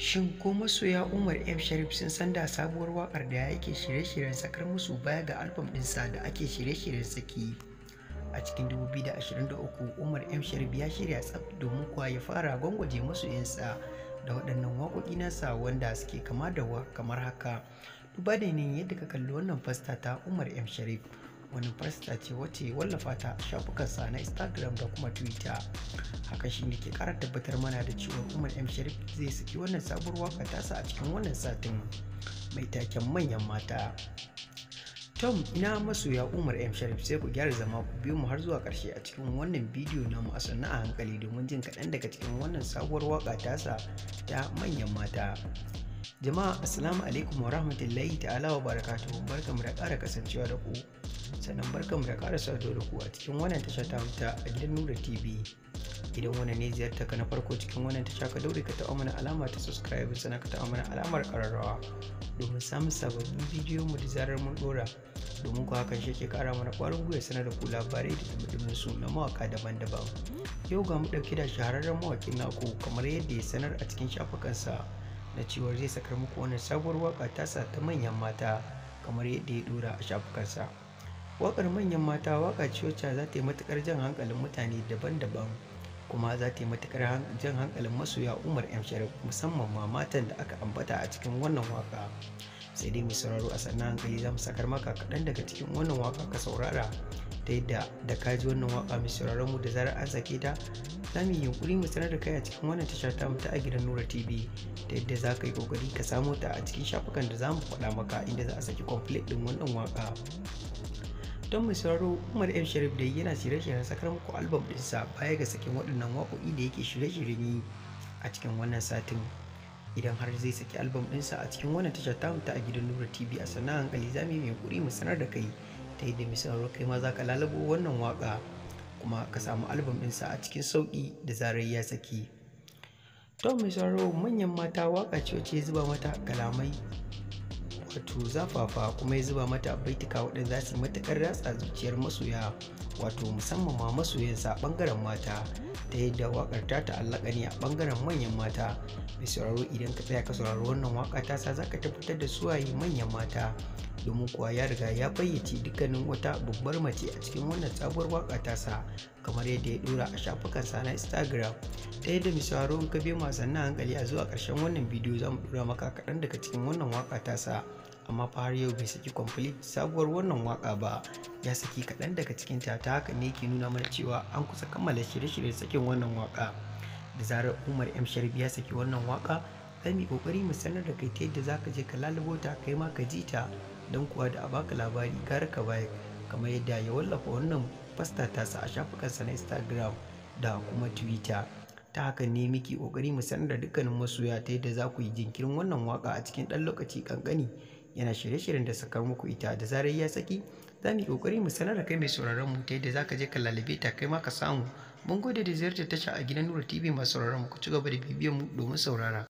Shin ko masoya Umar M. Sharif sun san da sabuwar wakar da ya yake shirye-shiryen sakar musu baya ga albam ɗinsa da ake shirye-shiryen saki? A cikin 2023, Umar M. Sharif ya shirya tsab domin kuwa ya fara gwangwaje masoyansa da waɗannan waƙoƙi nasa wanda suke kama da kamar haka. Duba da yadda ka kalli wannan fasta ta Umar M. Sharif. wani fasta ce wacce wallafa ta shafukan sa na instagram da kuma twitter haka shi ne ke kara tabbatar mana da cewa umar m sharif zai saki wannan sabuwar waka tasa a cikin wannan satin mai taken manyan mata tom ina masoya umar m sharif sai ku gyara zama ku biyo mu har zuwa karshe a cikin wannan bidiyo na mu a a hankali domin jin kaɗan daga cikin wannan sabuwar waka tasa ta manyan mata jama'a assalamu alaikum wa rahmatullahi ta'ala wa barakatuhu barkamu da ƙara kasancewa da ku sannan barkanmu da ƙara sado da ku a cikin wannan tasha ta wuta a gidan nura tv idan wannan ne ziyarta ka na farko cikin wannan tasha ka daure ka taɓa mana alama ta subscribe sannan ka ta'a mana alamar ƙararrawa domin samun sababbin bidiyon mu da zarar mun dora domin ku hakan shi ke ƙara mana ƙwarin gwiwa sanar da ku labarai da dumdumin su na mawaka daban-daban yau ga mu ɗauke da shahararren mawakin naku kamar yadda ya sanar a cikin shafukansa na cewa zai sakar muku wannan sabuwar waka tasa ta manyan mata kamar yadda ya dora a shafukansa. waƙar manyan mata waƙa ce wacce za ta yi matukar jan hankalin mutane daban-daban kuma za ta yi matukar jan hankalin masoya umar m sharif musamman ma matan da aka ambata a cikin wannan waƙa sai dai mu sauraro a sannan hankali za mu sakar maka kaɗan daga cikin wannan waƙa ka saurara ta yadda da ka ji wannan waƙa mu sauraron mu da zarar an sake ta za mu yi yunƙuri mu sanar da kai a cikin wannan tasha ta ta a gidan nura tv ta yadda za ka yi ƙoƙari ka samo ta a cikin shafukan da za mu faɗa maka inda za a saki complete ɗin wannan waƙa don mai sauraro umar m sharif da yana shirye-shiryen sakar muku albam ɗinsa baya ga sakin waɗannan waƙoƙi da yake shirye shirye yi a cikin wannan satin idan har zai saki albam ɗinsa a cikin wannan tashar tamu ta a gidan nura tv a sana'an hankali za mu yi kuɗi mu sanar da kai ta yadda mai sauraro kai ma za ka lalabo wannan waƙa kuma ka samu album ɗinsa a cikin sauƙi da zarar ya saki. Tom Misaro manyan mata waka ce zuba mata kalamai wato zafafa kuma ya zuba mata baituka waɗanda za su matuƙar ratsa zuciyar masoya wato musamman ma masoyansa ɓangaren mata ta yadda waƙar ta ta'allaka ne a ɓangaren manyan mata mai sauraro idan ka tsaya ka sauraro wannan waƙa ta sa za ka tabbatar da suwaye manyan mata domin kuwa ya riga ya fayyace dukkanin wata babbar mace a cikin wannan sabuwar waka tasa kamar yadda ya dora a shafukansa na instagram ta yadda misawaro sauraro in ka bi masu hankali a zuwa karshen wannan bidiyo za mu dora maka kaɗan daga cikin wannan waka tasa amma fa har yau bai saki complete sabuwar wannan waka ba ya saki kaɗan daga cikin ta ta haka ne ke nuna mana cewa an kusa kammala shirye-shiryen sakin wannan waka da zarar umar m sharbi ya saki wannan waka zan yi ƙoƙari mu sanar da kai ta yadda za ka je ka lalubo ta kai ma ka ji ta don kuwa da a baka labari kar ka baya kamar yadda ya wallafa wannan fasta tasa a shafukansa na instagram da kuma twitter ta haka ne muke kokari mu sanar da dukkanin masoya ta yadda za ku yi jinkirin wannan waka a cikin dan lokaci kankani yana shirye-shiryen da sakar muku ita da zarar ya saki za mu yi kokari mu sanar da kai mai sauraron mu ta yadda za ka je ka lalabe ta kai ma ka samu mun gode da ziyartar tasha a gidan nura tv masu sauraron mu ku ci gaba da bibiyan mu domin saurara